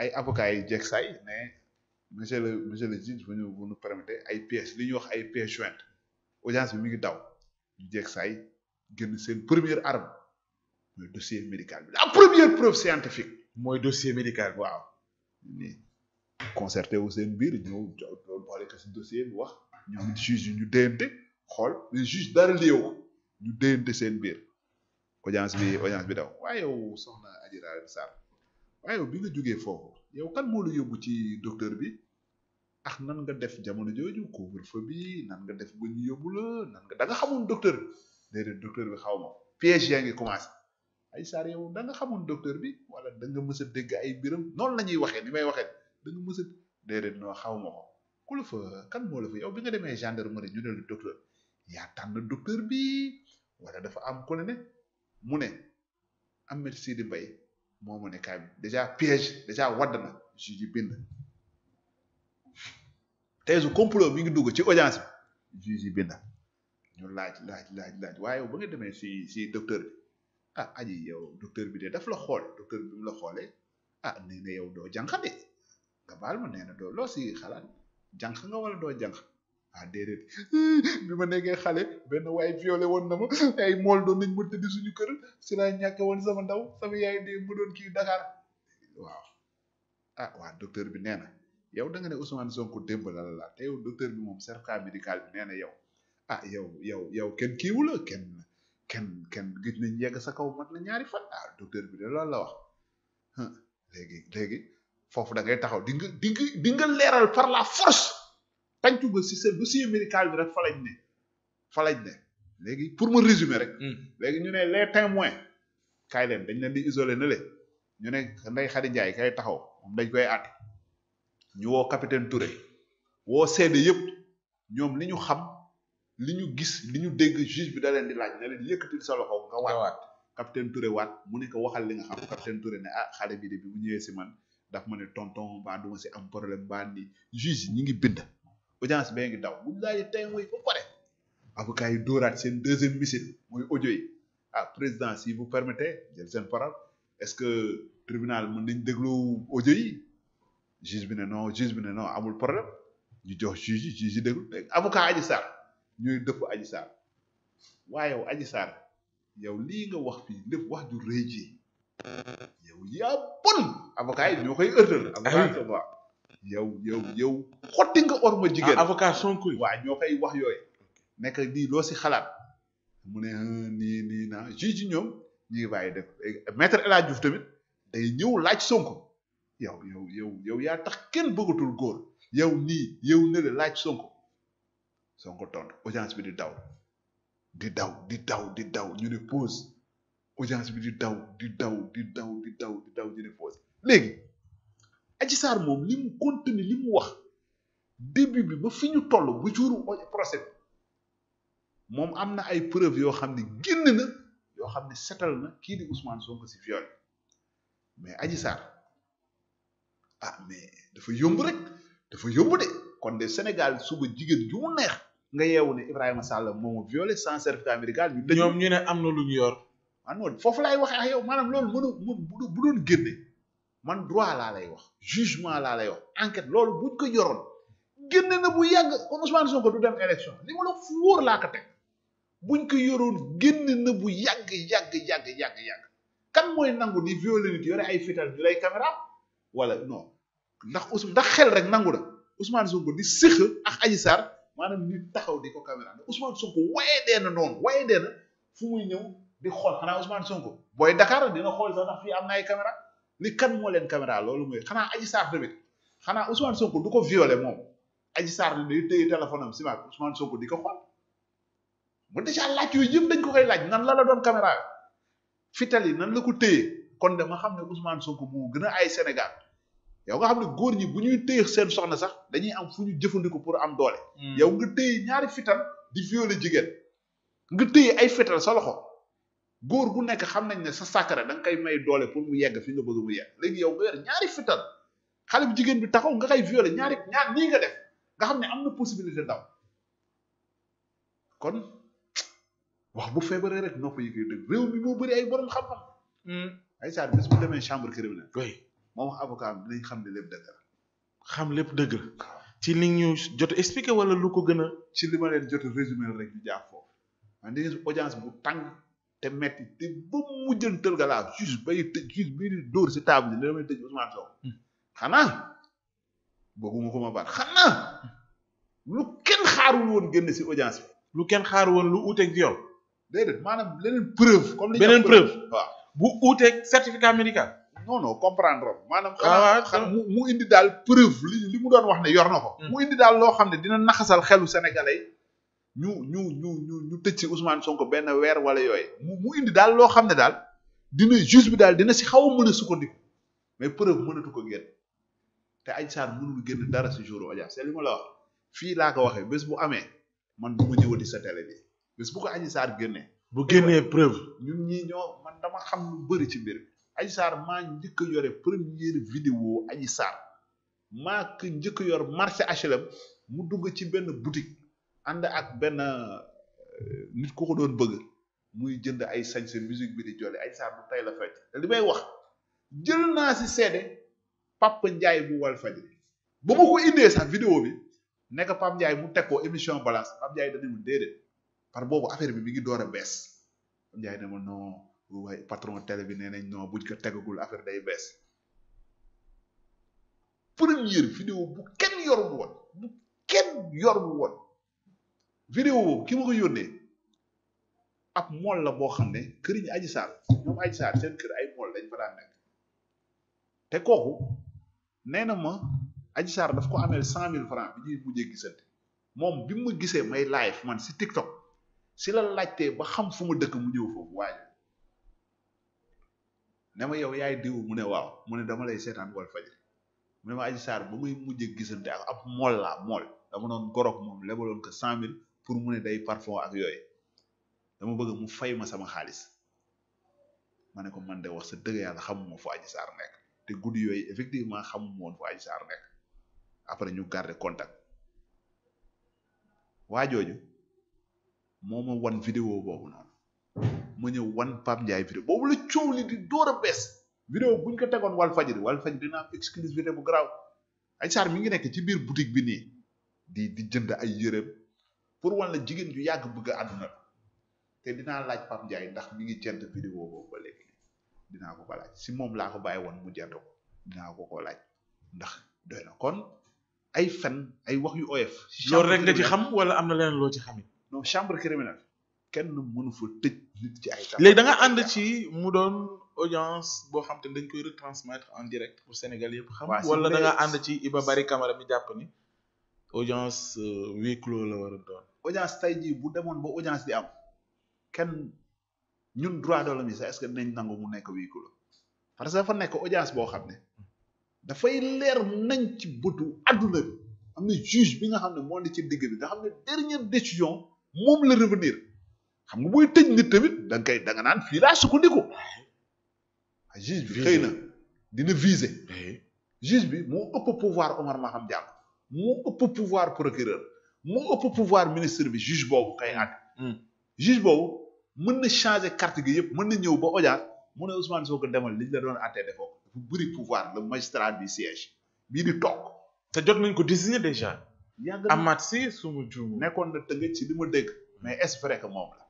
ay avocats yi jekk say ne monsieur le monsieur le juge bu nous vous nous permettez ay pièces li ñuy wax ay pièces jointes audience bi mi ngi daw ñu jekk say génn seen première arme mooy dossier médical bi la première preuve scientifique mooy dossier médical waaw ni wu seen biir ñëw boole ko si dossier bi wax ñoom juge yi ñu déyante xool mais juge dara léew ñu déyante seen biir audience bi audience bi daw waaye yow soxna Adji Sarr waaye yow bi nga jógee foofu yow kan moo la yóbbu ci docteur bi ak ah, nan nga def jamono jooju couvre-feu bi nan nga def ba ñu yóbbu la nan nga da nga xamoon docteur bi déedéet docteur bi xaw ma piège yaa ngi commencé ay saar yow da nga xamoon docteur bi wala da nga mës dégg ay biram noonu la ñuy waxee ni may waxee da nga mës a xaw ma ko ku la fa kan moo la fa bi nga demee gendarmerie ñu ne la docteur yaa tànn docteur bi wala dafa am ku ne ne mu ne Ahmed Sidi moo ma ne kaay déjà piège déjà wadd na juge yi bind thèse complot mi ngi dugg ci audience bi juge bind ñu laaj laaj laaj laaj waaye ba nga demee si si docteur bi ah aji yow docteur bi de def la xool docteur bi la xoolee ah nee na yow doo jànq de nga baal ma nee doo loo si xalaat jànq nga wala doo jànq ah déedéet bi ma nekkee xale benn waaye violé woon na ma ay mool doon nañ ma tëdd suñu kër si laa ñàkke woon sama ndaw sama yaay de mu doon kii Dakar waaw ah waa docteur bi nee na yow da nga ne Ousmane Sonko démb la la te yow bi moom certificat médical bi nee na yow ah yow yow yow kenn kiiwu la kenn kenn kenn gis nañ yegg sa kaw mat na ñaari fan ah bi loolu la wax léegi léegi foofu da ngay taxaw di nga di nga di nga leeral par la force tàncu ba si seen dossier médical bi rek fa lañ ne fa ne léegi pour mu résumer rek. Hmm. léegi ñu ne les témoins kaay leen dañ leen di isolé na le ñu ne Ndeye xari Ndiaye kay taxaw moom dañ koy àtte ñu woo capitaine Touré woo seede yëpp ñoom li ñu xam li ñu gis li ñu dégg juge bi da leen di laaj ne leen yëkkatil sa loxo nga capitaine Touré waat mu ne ko waxal li nga xam capitaine Touré ne ah xale bi de bi mu ñëwee si man daf ma ne tonton mbaa du si am problème mbaa ni juge ñi ngi bind. audience bee ngi daw bu ñu laajee mooy ba pare avocat yi dóoraat seen deuxième missile mooy audio yi ah président si vous permettez jël seen parole est-ce que tribunal moom dañ déglu audio yi bi ne non juge bi ne non amul problème ñu jox juge yi juge yi déglu avocat Adji Sarr ñuy dëpp aji Sarr waaye yow Adji Sarr yow lii nga wax fii lépp wax ju rëy ji yow avocat yi ñoo koy ërtal ah avocat yow yow hmm. yow xotti nga orma jigéen ah, avocat Sonko waaw ñoo koy wax yooyu nekk lii loo si xalaat mu ne nii nii naa juge ñoom ñu ngi def maître El Hadj Diouf tamit day ñëw laaj Sonko yow yow yow yow yaa tax kenn bëggatul góor yow nii yow ne laaj Sonko sonk tontu audience bi di daw di daw di daw di daw ñu ne pause audience bi di daw di daw di daw di daw di daw ñu ne pause léegi. Adji Sarr moom li mu continue li mu wax début bi ba fi ñu toll ba jour procès moom am na ay preuve yoo xam ne génn na yoo xam ne setal na kii di Ousmane Sonko si viol mais aji Sarr ah mais dafa yomb rek dafa yomb de kon de Sénégal suba jigéen ju neex nga yeewu ne Ibrahima Sall moomu violé sans certificat médical ñu. ñoom ñu ne am na lu ñu yor. ah foofu lay waxee ak yow maanaam loolu mënu bu doon génne. man droit laa lay wax jugement laa lay wax enquête loolu buñ ko yoroon génne na bu yàgg kon Ousmane Sonko du dem élection li ma la wóor laa ko teg buñ ko yoroon génn na bu yàgg yàgg yàgg yàgg yàgg kan mooy nangu di violer nit ay fital ñu lay caméra wala non ndax Ousmane ndax xel rek nangu na Ousmane Sonko di séq ak Adji Sarr maanaam nit taxaw di ko caméra ndax Ousmane Sonko waye dee na noonu waye dee na fu muy ñëw di xool xanaa Ousmane Sonko booy Dakar dina xool sax ndax fii am na ay caméra ni kan moo leen caméra loolu mooy xanaa Adji Sarr tamit xanaa Ousmane Sonko du ko violé moom Adji Sarr ne day téye téléphone am si waat Ousmane Sonko di ko xool mu déjà laaj dañ ko koy laaj nan la la doon caméra fital yi nan la ko téye kon dama xam ne Ousmane Sonko moo gën ay Sénégal yow nga xam ne góor ñi bu ñuy téye seen soxna sax dañuy am fu ñu jëfandiku pour am doole. Hmm. yow nga téye ñaari fital di violé jigéen nga téye ay fital sa loxo. góor bu nekk xam nañ ne sa sàkkara da nga koy may doole pour mu yegg fi nga bëgg mu yegg léegi yow nga yor ñaari fital xale bu jigéen bi taxaw nga kay violer ñaari ñaar nii nga def nga xam ne am na possibilité daw kon wax bu feebaree rek nopp yi koy réew mi moo bëri ay borom xam hmm. ay saa demee chambre criminelle. oui moom wax avocat xam ne lépp dëgg la. xam lépp dëgg la ci li ñu jot expliqué wala lu ko gën a. ci li ma leen jot résumé rek ñu jàpp foofu man di audience bu tàng. te metti te ba mujjantal ga laa juge bay tëj juge bii di si table bi ne damay tëj Ousmane Sonko hmm. xanaa boobu ma ko ma baat xanaa lu kenn xaarul woon génn si audience bi. lu kenn xaarul woon lu uuteeg viol. déedéet maanaam leneen preuve. comme li beneen preuve waaw. bu uuteeg certificat médical. non comprendre maanaam. Ah, xanaa xanaa mu mu indi daal preuve li li mu doon wax ne yor na ko. Hmm. mu indi daal loo xam ne dina naxasal xelu sénégalais. ñu ñu ñu ñu ñu tëj si Ousmane Sonko benn weer wala yooy mu mu indi daal loo xam ne daal dina juge bi daal dina si xaw a mën a sukkandiku mais preuve mënatu ko génn te Adji Sarr mënul génn dara si jour audience c'est li fii laa ko waxee bés bu amee man du ma ñëwati sa télé bi bés bu ko Adji Sarr génnee. bu génnee preuve. ñu ñii ñoo man dama xam lu bëri ci mbir mi Adji maa njëkk yore première vidéo Adji Sarr maa ko njëkk a yor marché HLM mu dugg ci benn boutique. ànd ak benn euh, nit ku ko doon bëgg muy jënd ay sañse musique bi di jole ay saar bu tay la fecc te li may wax jël naa si seede Pape Ndiaye bu Walfadjri ba ma ko indee sax vidéo bi nekk Pape njaay mu teg ko émission balance Pape Ndiaye dañu mu déedéet par boobu affaire bi mi ngi door a bees Pape Ndiaye ma non waaye patron bi nee nañ non buñ ko tegagul affaire day bees première vidéo bu kenn yorul woon bu kenn yorul woon vidéo ki ma ko yónnee ab mool la boo xam ne kër yi ñu aji saar ñoom aji saar seen kër ay mool lañ fa daan nekk te kooku nee na ma aji saar daf ko ameel cent mille francs bi ñuy mujjee gisante moom bi mu gisee may live man si TikTok si la laajtee ba xam fu ma dëkk mu ñëw foofu waaye ne ma yow yaay diw mu ne waaw mu ne dama lay seetaan wal faje mu ne ma aji saar ba muy mujjee gisante ak ab mool laa mool dama doon gorog moom lebaloon ko cent mille pour mu ne day parfum ak yooyu dama bëgg mu fay ma sama xaalis ma ne ko man de wax sa dëgg yàlla xamuma fu Adji Sarr nekk te guddi yooyu effectivement xamuma woon fu Adji Sarr nekk après ñu garder contact waa jooju moo ma wan vidéo boobu noonu ma ñëw wan Pape Ndiaye vidéo boobu la coow li di door a bees vidéo buñ ko tegoon wal fajiri wal fajiri dina am exclusivité bu garaaw Adji Sarr mu ngi nekk ci biir boutique bi nii di di jënd ay yërëm pour wala la jigéen ju yàgg bëgg àdduna la te dinaa laaj Pape Ndiaye ndax mi ngi jënd vidéo boobu ba léegi dinaa ko ko laaj si moom laa ko bàyyi woon mu jënd ko dinaa laaj ndax doy na kon ay fen ay wax yu oyof. loolu rek nga ci xam wala am na leneen loo ci xamit non chambre criminelle kenn mënu fa tëj nit ci ay. léegi da ànd ci mu doon audience boo xam te dañ koy retransmettre en direct pour Sénégal yëpp xam. wala da nga ànd ci Iba Bari Camara mi jàpp ni. audience euh, huis clos la war a audience tey jii bu demoon ba audience di am kenn ñun droit de l'homme yi sax que dinañ nangu mu nekk wii clos parce que fa nekk audience boo xam ne dafay leer nañ ci bëtu adduna am na juge bi nga xam ne moo ne ci digg bi xam ne dernière décision moom la revenir xam nga booy tëj nit tamit da nga koy da nga naan fii laa sukkandiku juge bi xëy na dina viser juge bi mu ëpp pouvoir ma Maham Diallo mu ëpp pouvoir procureur mu ëpp pouvoir ministre bi juge boobu kay àtte. Hmm. juge boobu mën na changer carte gi yëpp mën na ñëw ba ojaat mu ne Ousmane Sonko demal li ñu la doon àttee defoo dafa bëri pouvoir le magistrat du siège bii di toog. te jot nañ ko désigner déjà. yàgg na Amath Sy su ma nekkoon na tënk ci li ma dégg mais est-ce moom la.